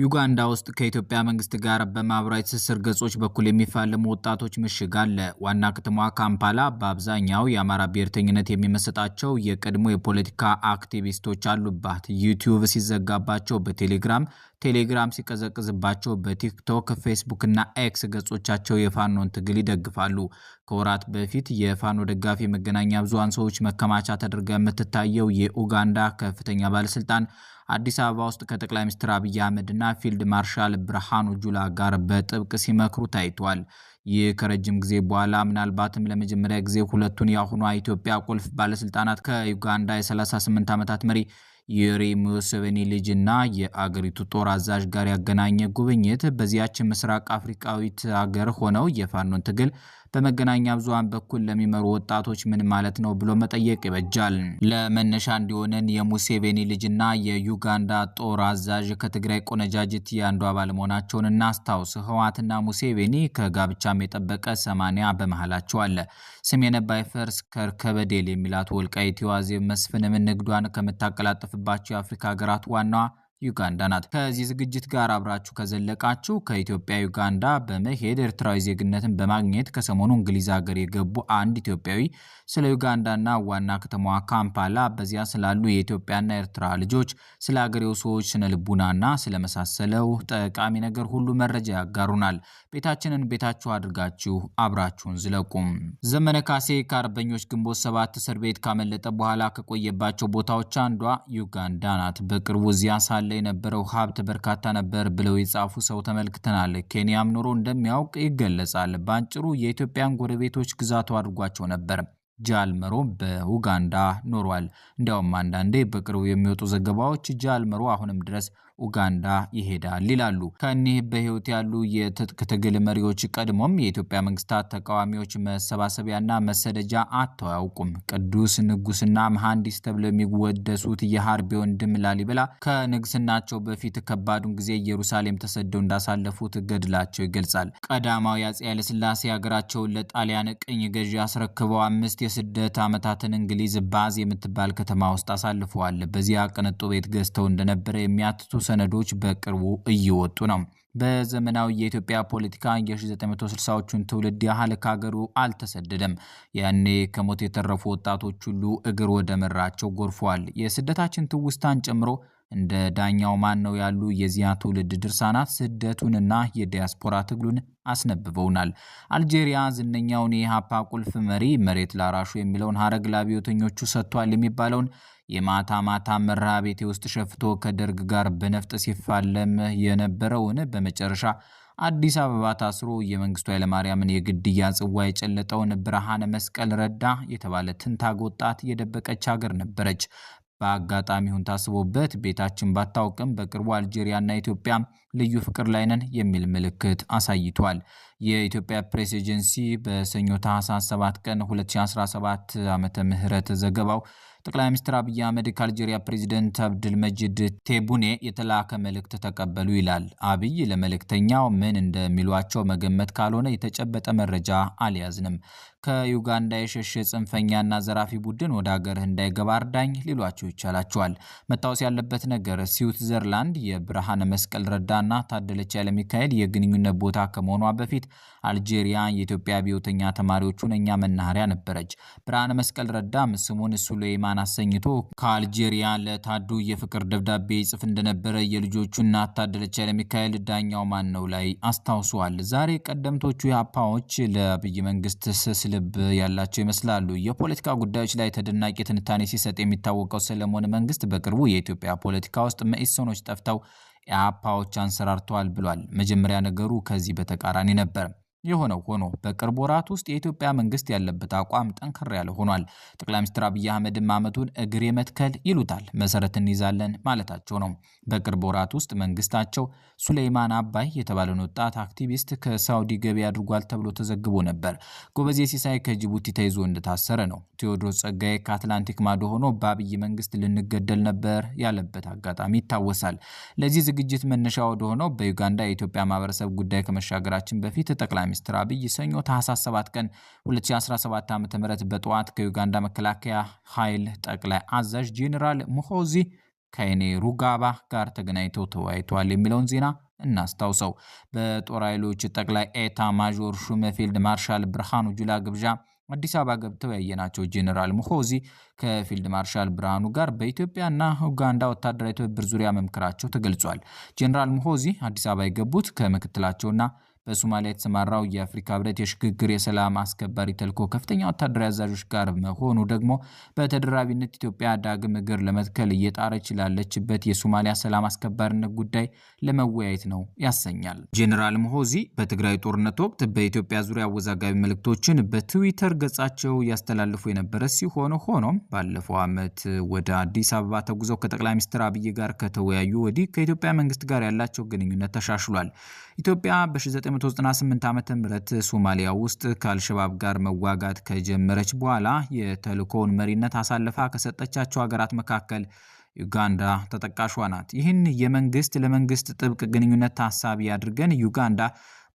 ዩጋንዳ ውስጥ ከኢትዮጵያ መንግስት ጋር በማኅበራዊ ትስስር ገጾች በኩል የሚፋለሙ ወጣቶች ምሽግ አለ። ዋና ከተማዋ ካምፓላ በአብዛኛው የአማራ ብሔርተኝነት የሚመሰጣቸው የቀድሞ የፖለቲካ አክቲቪስቶች አሉባት። ዩቲዩብ ሲዘጋባቸው በቴሌግራም ቴሌግራም ሲቀዘቅዝባቸው በቲክቶክ ፌስቡክ እና ኤክስ ገጾቻቸው የፋኖን ትግል ይደግፋሉ። ከወራት በፊት የፋኖ ደጋፊ መገናኛ ብዙሃን ሰዎች መከማቻ ተደርጋ የምትታየው የኡጋንዳ ከፍተኛ ባለስልጣን አዲስ አበባ ውስጥ ከጠቅላይ ሚኒስትር አብይ አህመድ እና ፊልድ ማርሻል ብርሃኑ ጁላ ጋር በጥብቅ ሲመክሩ ታይቷል። ይህ ከረጅም ጊዜ በኋላ ምናልባትም ለመጀመሪያ ጊዜ ሁለቱን የአሁኗ ኢትዮጵያ ቁልፍ ባለስልጣናት ከዩጋንዳ የ38 ዓመታት መሪ የዩዌሪ ሙሴቬኒ ልጅና የአገሪቱ ጦር አዛዥ ጋር ያገናኘ ጉብኝት በዚያች ምስራቅ አፍሪካዊት አገር ሆነው የፋኖን ትግል በመገናኛ ብዙሃን በኩል ለሚመሩ ወጣቶች ምን ማለት ነው ብሎ መጠየቅ ይበጃል። ለመነሻ እንዲሆንን የሙሴቬኒ ልጅና የዩጋንዳ ጦር አዛዥ ከትግራይ ቆነጃጅት የአንዱ አባል መሆናቸውን እናስታውስ። ህወሓትና ሙሴቬኒ ከጋብቻም የጠበቀ ሰማንያ በመሃላቸው አለ። ስሜነ ባይፈርስ ከርከበዴል የሚላት ወልቃይት የዋዜ መስፍንም ንግዷን ከምታቀላጥፍባቸው የአፍሪካ ሀገራት ዋናዋ ዩጋንዳ ናት። ከዚህ ዝግጅት ጋር አብራችሁ ከዘለቃችሁ ከኢትዮጵያ ዩጋንዳ በመሄድ ኤርትራዊ ዜግነትን በማግኘት ከሰሞኑ እንግሊዝ ሀገር የገቡ አንድ ኢትዮጵያዊ ስለ ዩጋንዳና ዋና ከተማዋ ካምፓላ፣ በዚያ ስላሉ የኢትዮጵያና ኤርትራ ልጆች፣ ስለ ሀገሬው ሰዎች ስነ ልቡናና ስለመሳሰለው ጠቃሚ ነገር ሁሉ መረጃ ያጋሩናል። ቤታችንን ቤታችሁ አድርጋችሁ አብራችሁን ዝለቁም። ዘመነ ካሴ ከአርበኞች ግንቦት ሰባት እስር ቤት ካመለጠ በኋላ ከቆየባቸው ቦታዎች አንዷ ዩጋንዳ ናት። በቅርቡ እዚያ ሳለ ላይ የነበረው ሀብት በርካታ ነበር ብለው የጻፉ ሰው ተመልክተናል። ኬንያም ኑሮ እንደሚያውቅ ይገለጻል። በአጭሩ የኢትዮጵያን ጎረቤቶች ግዛቱ አድርጓቸው ነበር። ጃልመሮ በኡጋንዳ ኖሯል። እንዲያውም አንዳንዴ በቅርቡ የሚወጡ ዘገባዎች ጃልመሮ አሁንም ድረስ ኡጋንዳ ይሄዳል ይላሉ። ከእኒህ በህይወት ያሉ የትጥቅ ትግል መሪዎች ቀድሞም የኢትዮጵያ መንግስታት ተቃዋሚዎች መሰባሰቢያና መሰደጃ አጥተው አያውቁም። ቅዱስ ንጉስና መሐንዲስ ተብለው የሚወደሱት የሀርቤ ወንድም ላሊበላ ከንግስናቸው በፊት ከባዱን ጊዜ ኢየሩሳሌም ተሰደው እንዳሳለፉት ገድላቸው ይገልጻል። ቀዳማዊ አጼ ኃይለስላሴ ሀገራቸውን ለጣሊያን ቅኝ ገዢ አስረክበው አምስት የስደት ዓመታትን እንግሊዝ ባዝ የምትባል ከተማ ውስጥ አሳልፈዋል። በዚያ ቅንጡ ቤት ገዝተው እንደነበረ የሚያትቱ ሰነዶች በቅርቡ እየወጡ ነው። በዘመናዊ የኢትዮጵያ ፖለቲካ የ1960ዎቹን ትውልድ ያህል ከሀገሩ አልተሰደደም። ያኔ ከሞት የተረፉ ወጣቶች ሁሉ እግር ወደ መራቸው ጎርፈዋል። የስደታችን ትውስታን ጨምሮ እንደ ዳኛው ማን ነው ያሉ የዚያ ትውልድ ድርሳናት ስደቱንና የዲያስፖራ ትግሉን አስነብበውናል። አልጄሪያ ዝነኛውን የኢህአፓ ቁልፍ መሪ መሬት ላራሹ የሚለውን ሀረግ ለአብዮተኞቹ ሰጥቷል የሚባለውን የማታ ማታ መርሃ ቤቴ ውስጥ ሸፍቶ ከደርግ ጋር በነፍጥ ሲፋለም የነበረውን በመጨረሻ አዲስ አበባ ታስሮ የመንግስቱ ኃይለማርያምን የግድያ ጽዋ የጨለጠውን ብርሃነ መስቀል ረዳ የተባለ ትንታግ ወጣት የደበቀች ሀገር ነበረች። በአጋጣሚውን ታስቦበት ቤታችን ባታውቅም በቅርቡ አልጄሪያና ኢትዮጵያ ልዩ ፍቅር ላይ ነን የሚል ምልክት አሳይቷል። የኢትዮጵያ ፕሬስ ኤጀንሲ በሰኞ ታህሳስ 7 ቀን 2017 ዓመተ ምህረት ዘገባው ጠቅላይ ሚኒስትር አብይ አህመድ ከአልጄሪያ ፕሬዚደንት አብድል መጅድ ቴቡኔ የተላከ መልእክት ተቀበሉ ይላል። አብይ ለመልእክተኛው ምን እንደሚሏቸው መገመት ካልሆነ የተጨበጠ መረጃ አልያዝንም፣ ከዩጋንዳ የሸሸ ጽንፈኛና ዘራፊ ቡድን ወደ ሀገርህ እንዳይገባ እርዳኝ ሊሏቸው ይቻላቸዋል። መታወስ ያለበት ነገር ስዊትዘርላንድ የብርሃነ መስቀል ረዳ ሩዋንዳና ታደለች ያለሚካኤል የግንኙነት ቦታ ከመሆኗ በፊት አልጄሪያ የኢትዮጵያ ብዮተኛ ተማሪዎቹን እኛ መናኸሪያ ነበረች። ብርሃነ መስቀል ረዳም ስሙን ሱሌይማን አሰኝቶ ከአልጄሪያ ለታዱ የፍቅር ደብዳቤ ይጽፍ እንደነበረ የልጆቹ እናት ታደለች ያለሚካኤል ዳኛው ማን ነው ላይ አስታውሰዋል። ዛሬ ቀደምቶቹ የአፓዎች ለአብይ መንግስት ስስ ልብ ያላቸው ይመስላሉ። የፖለቲካ ጉዳዮች ላይ ተደናቂ ትንታኔ ሲሰጥ የሚታወቀው ሰለሞን መንግስት በቅርቡ የኢትዮጵያ ፖለቲካ ውስጥ መኢሶኖች ጠፍተው ኢያፓዎች አንሰራርተዋል ብሏል። መጀመሪያ ነገሩ ከዚህ በተቃራኒ ነበር። የሆነው ሆኖ በቅርብ ወራት ውስጥ የኢትዮጵያ መንግስት ያለበት አቋም ጠንከር ያለ ሆኗል። ጠቅላይ ሚኒስትር አብይ አህመድም ዓመቱን እግር የመትከል ይሉታል መሰረት እንይዛለን ማለታቸው ነው። በቅርብ ወራት ውስጥ መንግስታቸው ሱሌይማን አባይ የተባለን ወጣት አክቲቪስት ከሳውዲ ገቢ አድርጓል ተብሎ ተዘግቦ ነበር። ጎበዜ ሲሳይ ከጅቡቲ ተይዞ እንደታሰረ ነው። ቴዎድሮስ ጸጋዬ ከአትላንቲክ ማዶ ሆኖ በአብይ መንግስት ልንገደል ነበር ያለበት አጋጣሚ ይታወሳል። ለዚህ ዝግጅት መነሻ ወደሆነው በዩጋንዳ የኢትዮጵያ ማህበረሰብ ጉዳይ ከመሻገራችን በፊት ጠቅላይ ሚኒስትር አብይ ሰኞ ታህሳስ 7 ቀን 2017 ዓ ም በጠዋት ከዩጋንዳ መከላከያ ኃይል ጠቅላይ አዛዥ ጄኔራል ሙሆዚ ሩጋባ ጋር ተገናኝተው ተወያይተዋል የሚለውን ዜና እናስታውሰው። በጦር ኃይሎች ጠቅላይ ኤታ ማዦር ሹም ፊልድ ማርሻል ብርሃኑ ጁላ ግብዣ አዲስ አበባ ገብተው ያየናቸው ጄኔራል ሙሆዚ ከፊልድ ማርሻል ብርሃኑ ጋር በኢትዮጵያና ኡጋንዳ ወታደራዊ ትብብር ዙሪያ መምከራቸው ተገልጿል። ጄኔራል ሙሆዚ አዲስ አበባ የገቡት ከምክትላቸውና በሶማሊያ የተሰማራው የአፍሪካ ህብረት የሽግግር የሰላም አስከባሪ ተልኮ ከፍተኛ ወታደራዊ አዛዦች ጋር መሆኑ ደግሞ በተደራቢነት ኢትዮጵያ ዳግም እግር ለመትከል እየጣረች ላለችበት የሶማሊያ ሰላም አስከባሪነት ጉዳይ ለመወያየት ነው ያሰኛል። ጄኔራል ሞሆዚ በትግራይ ጦርነት ወቅት በኢትዮጵያ ዙሪያ አወዛጋቢ መልእክቶችን በትዊተር ገጻቸው ያስተላልፉ የነበረ ሲሆን ሆኖም ባለፈው ዓመት ወደ አዲስ አበባ ተጉዘው ከጠቅላይ ሚኒስትር አብይ ጋር ከተወያዩ ወዲህ ከኢትዮጵያ መንግስት ጋር ያላቸው ግንኙነት ተሻሽሏል። ኢትዮጵያ በ1998 ዓ ም ሶማሊያ ውስጥ ከአልሸባብ ጋር መዋጋት ከጀመረች በኋላ የተልእኮውን መሪነት አሳልፋ ከሰጠቻቸው ሀገራት መካከል ዩጋንዳ ተጠቃሿ ናት። ይህን የመንግስት ለመንግስት ጥብቅ ግንኙነት ታሳቢ አድርገን ዩጋንዳ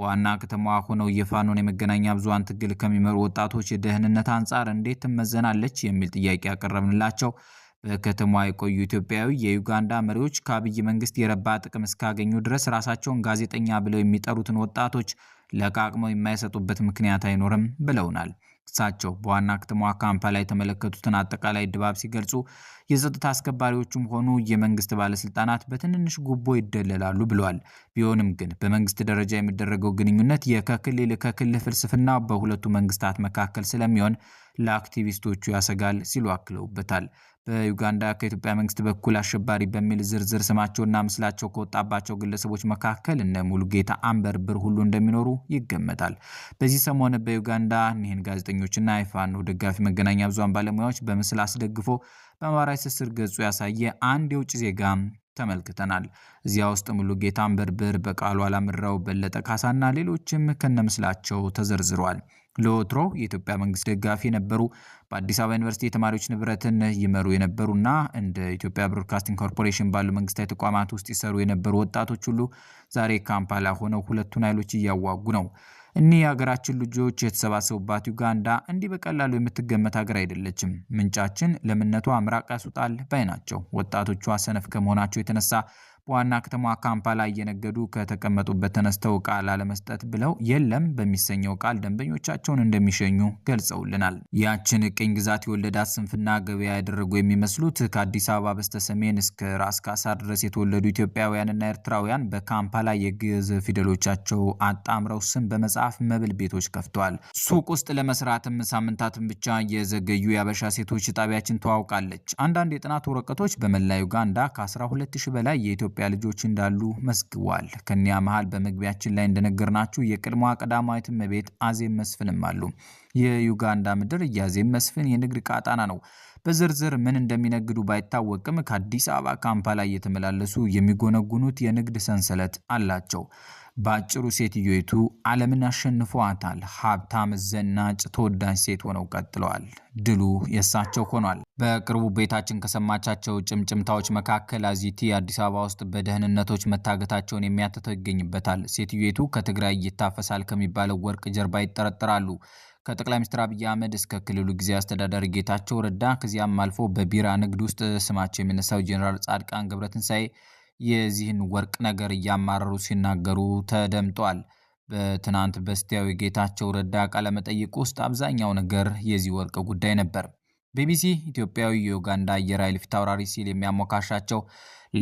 በዋና ከተማዋ ሆነው የፋኖን የመገናኛ ብዙሃን ትግል ከሚመሩ ወጣቶች የደህንነት አንጻር እንዴት ትመዘናለች የሚል ጥያቄ ያቀረብንላቸው በከተማዋ የቆዩ ኢትዮጵያዊ የዩጋንዳ መሪዎች ከአብይ መንግስት የረባ ጥቅም እስካገኙ ድረስ ራሳቸውን ጋዜጠኛ ብለው የሚጠሩትን ወጣቶች ለቃቅመው የማይሰጡበት ምክንያት አይኖርም ብለውናል። እሳቸው በዋና ከተማዋ ካምፓላ የተመለከቱትን አጠቃላይ ድባብ ሲገልጹ የጸጥታ አስከባሪዎቹም ሆኑ የመንግስት ባለስልጣናት በትንንሽ ጉቦ ይደለላሉ ብለዋል። ቢሆንም ግን በመንግስት ደረጃ የሚደረገው ግንኙነት የከክልል ከክል ፍልስፍና በሁለቱ መንግስታት መካከል ስለሚሆን ለአክቲቪስቶቹ ያሰጋል ሲሉ አክለውበታል። በዩጋንዳ ከኢትዮጵያ መንግስት በኩል አሸባሪ በሚል ዝርዝር ስማቸውና ምስላቸው ከወጣባቸው ግለሰቦች መካከል እነ ሙሉጌታ አንበርብር ሁሉ እንደሚኖሩ ይገመታል። በዚህ ሰሞን በዩጋንዳ እኒህን ጋዜጠኞችና የፋኖ ደጋፊ መገናኛ ብዙሃን ባለሙያዎች በምስል አስደግፎ በማህበራዊ ትስስር ገጹ ያሳየ አንድ የውጭ ዜጋ ተመልክተናል። እዚያ ውስጥ ሙሉጌታ አንበርብር፣ በቃሉ አላምራው፣ በለጠ ካሳና ሌሎችም ከነምስላቸው ተዘርዝረዋል። ለወትሮ የኢትዮጵያ መንግስት ደጋፊ የነበሩ በአዲስ አበባ ዩኒቨርሲቲ የተማሪዎች ንብረትን ይመሩ የነበሩና እንደ ኢትዮጵያ ብሮድካስቲንግ ኮርፖሬሽን ባሉ መንግስታዊ ተቋማት ውስጥ ይሰሩ የነበሩ ወጣቶች ሁሉ ዛሬ ካምፓላ ሆነው ሁለቱን ኃይሎች እያዋጉ ነው። እኒህ የሀገራችን ልጆች የተሰባሰቡባት ዩጋንዳ እንዲህ በቀላሉ የምትገመት ሀገር አይደለችም። ምንጫችን ለምነቱ አምራቅ ያስውጣል ባይ ናቸው። ወጣቶቿ ሰነፍ ከመሆናቸው የተነሳ ዋና ከተማዋ ካምፓላ እየነገዱ ከተቀመጡበት ተነስተው ቃል አለመስጠት ብለው የለም በሚሰኘው ቃል ደንበኞቻቸውን እንደሚሸኙ ገልጸውልናል። ያችን ቅኝ ግዛት የወለዳት ስንፍና ገበያ ያደረጉ የሚመስሉት ከአዲስ አበባ በስተ ሰሜን እስከ ራስ ካሳ ድረስ የተወለዱ ኢትዮጵያውያንና ኤርትራውያን በካምፓላ የግዕዝ ፊደሎቻቸው አጣምረው ስም በመጽሐፍ መብል ቤቶች ከፍተዋል። ሱቅ ውስጥ ለመስራትም ሳምንታትን ብቻ የዘገዩ የአበሻ ሴቶች ጣቢያችን ተዋውቃለች። አንዳንድ የጥናት ወረቀቶች በመላ ዩጋንዳ ከ12000 በላይ የኢትዮጵያ የኢትዮጵያ ልጆች እንዳሉ መዝግቧል። ከኒያ መሃል በመግቢያችን ላይ እንደነገርናችሁ የቀድሞዋ ቀዳማዊት እመቤት አዜብ መስፍንም አሉ። የዩጋንዳ ምድር የአዜብ መስፍን የንግድ ቃጣና ነው። በዝርዝር ምን እንደሚነግዱ ባይታወቅም ከአዲስ አበባ ካምፓላ እየተመላለሱ የሚጎነጉኑት የንግድ ሰንሰለት አላቸው። በአጭሩ ሴትዮይቱ ዓለምን አሸንፈዋታል። ሀብታም፣ ዘናጭ፣ ተወዳጅ ሴት ሆነው ቀጥለዋል። ድሉ የእሳቸው ሆኗል። በቅርቡ ቤታችን ከሰማቻቸው ጭምጭምታዎች መካከል አዚቲ አዲስ አበባ ውስጥ በደህንነቶች መታገታቸውን የሚያትተው ይገኝበታል። ሴትዮቱ ከትግራይ ይታፈሳል ከሚባለው ወርቅ ጀርባ ይጠረጠራሉ። ከጠቅላይ ሚኒስትር አብይ አህመድ እስከ ክልሉ ጊዜ አስተዳደር ጌታቸው ረዳ ከዚያም አልፎ በቢራ ንግድ ውስጥ ስማቸው የሚነሳው ጄኔራል ጻድቃን ገብረትንሳኤ የዚህን ወርቅ ነገር እያማረሩ ሲናገሩ ተደምጧል። በትናንት በስቲያዊ ጌታቸው ረዳ ቃለመጠይቅ ውስጥ አብዛኛው ነገር የዚህ ወርቅ ጉዳይ ነበር። ቢቢሲ ኢትዮጵያዊ የኡጋንዳ አየር ኃይል ፊት አውራሪ ሲል የሚያሞካሻቸው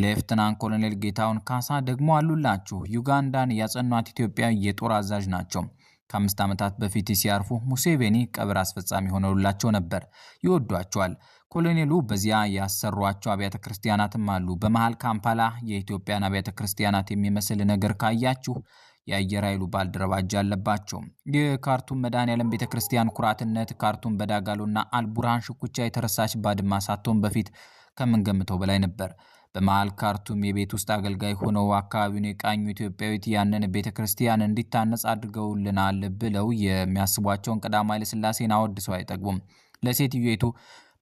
ሌፍትናንት ኮሎኔል ጌታውን ካሳ ደግሞ አሉላችሁ ዩጋንዳን ያጸኗት ኢትዮጵያዊ የጦር አዛዥ ናቸው። ከአምስት ዓመታት በፊት ሲያርፉ ሙሴቬኒ ቀብር አስፈጻሚ ሆነውላቸው ነበር። ይወዷቸዋል። ኮሎኔሉ በዚያ ያሰሯቸው አብያተ ክርስቲያናትም አሉ። በመሃል ካምፓላ የኢትዮጵያን አብያተ ክርስቲያናት የሚመስል ነገር ካያችሁ የአየር ኃይሉ ባልደረባ እጅ አለባቸው። የካርቱም መድኃኔዓለም ቤተ ክርስቲያን ኩራትነት ካርቱም በዳጋሎና አልቡርሃን ሽኩቻ የተረሳች ባድማ ሳትሆን በፊት ከምንገምተው በላይ ነበር። በመሃል ካርቱም የቤት ውስጥ አገልጋይ ሆነው አካባቢውን የቃኙ ኢትዮጵያዊት ያንን ቤተ ክርስቲያን እንዲታነጽ አድርገውልናል ብለው የሚያስቧቸውን ቀዳማዊ ኃይለ ሥላሴን አወድሰው አይጠግቡም። ለሴትዮቱ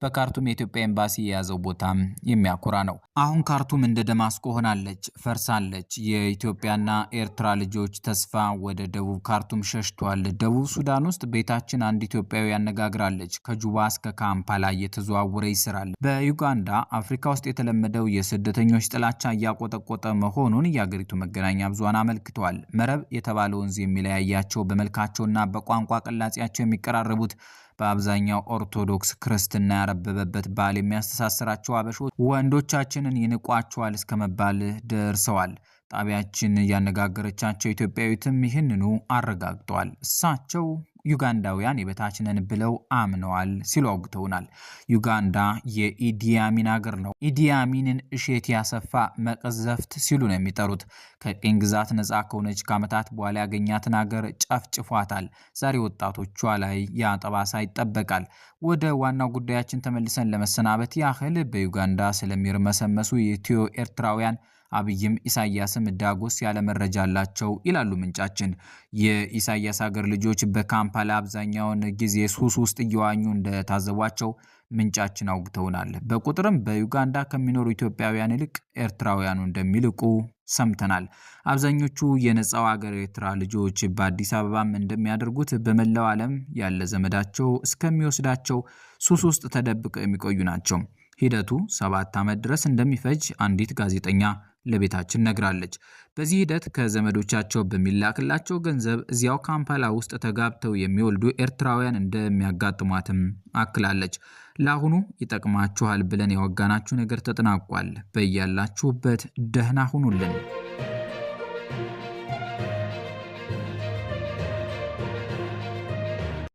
በካርቱም የኢትዮጵያ ኤምባሲ የያዘው ቦታ የሚያኮራ ነው። አሁን ካርቱም እንደ ደማስቆ ሆናለች፣ ፈርሳለች። የኢትዮጵያና ኤርትራ ልጆች ተስፋ ወደ ደቡብ ካርቱም ሸሽቷል። ደቡብ ሱዳን ውስጥ ቤታችን አንድ ኢትዮጵያዊ ያነጋግራለች። ከጁባ እስከ ካምፓላ እየተዘዋወረ ይስራል። በዩጋንዳ አፍሪካ ውስጥ የተለመደው የስደተኞች ጥላቻ እያቆጠቆጠ መሆኑን የአገሪቱ መገናኛ ብዙሃን አመልክተዋል። መረብ የተባለ ወንዝ የሚለያያቸው በመልካቸውና በቋንቋ ቅላጼያቸው የሚቀራረቡት በአብዛኛው ኦርቶዶክስ ክርስትና ያረበበበት በዓል የሚያስተሳስራቸው አበሾች ወንዶቻችንን ይንቋቸዋል እስከ መባል ደርሰዋል። ጣቢያችን እያነጋገረቻቸው ኢትዮጵያዊትም ይህንኑ አረጋግጠዋል። እሳቸው ዩጋንዳውያን የበታች ነን ብለው አምነዋል ሲሉ አውግተውናል። ዩጋንዳ የኢዲያሚን አገር ነው። ኢዲያሚንን እሼት ያሰፋ መቀዘፍት ሲሉ ነው የሚጠሩት። ከቅኝ ግዛት ነጻ ከሆነች ከዓመታት በኋላ ያገኛትን አገር ጨፍጭፏታል። ዛሬ ወጣቶቿ ላይ ያጠባሳ ይጠበቃል። ወደ ዋናው ጉዳያችን ተመልሰን ለመሰናበት ያህል በዩጋንዳ ስለሚርመሰመሱ የኢትዮ ኤርትራውያን አብይም ኢሳያስም ዳጎስ ያለ መረጃ አላቸው ይላሉ ምንጫችን። የኢሳያስ ሀገር ልጆች በካምፓላ አብዛኛውን ጊዜ ሱስ ውስጥ እየዋኙ እንደታዘቧቸው ምንጫችን አውግተውናል። በቁጥርም በዩጋንዳ ከሚኖሩ ኢትዮጵያውያን ይልቅ ኤርትራውያኑ እንደሚልቁ ሰምተናል። አብዛኞቹ የነፃው ሀገር ኤርትራ ልጆች በአዲስ አበባም እንደሚያደርጉት በመላው ዓለም ያለ ዘመዳቸው እስከሚወስዳቸው ሱስ ውስጥ ተደብቀው የሚቆዩ ናቸው። ሂደቱ ሰባት ዓመት ድረስ እንደሚፈጅ አንዲት ጋዜጠኛ ለቤታችን ነግራለች። በዚህ ሂደት ከዘመዶቻቸው በሚላክላቸው ገንዘብ እዚያው ካምፓላ ውስጥ ተጋብተው የሚወልዱ ኤርትራውያን እንደሚያጋጥሟትም አክላለች። ለአሁኑ ይጠቅማችኋል ብለን ያወጋናችሁ ነገር ተጠናቋል። በያላችሁበት ደህና ሁኑልን።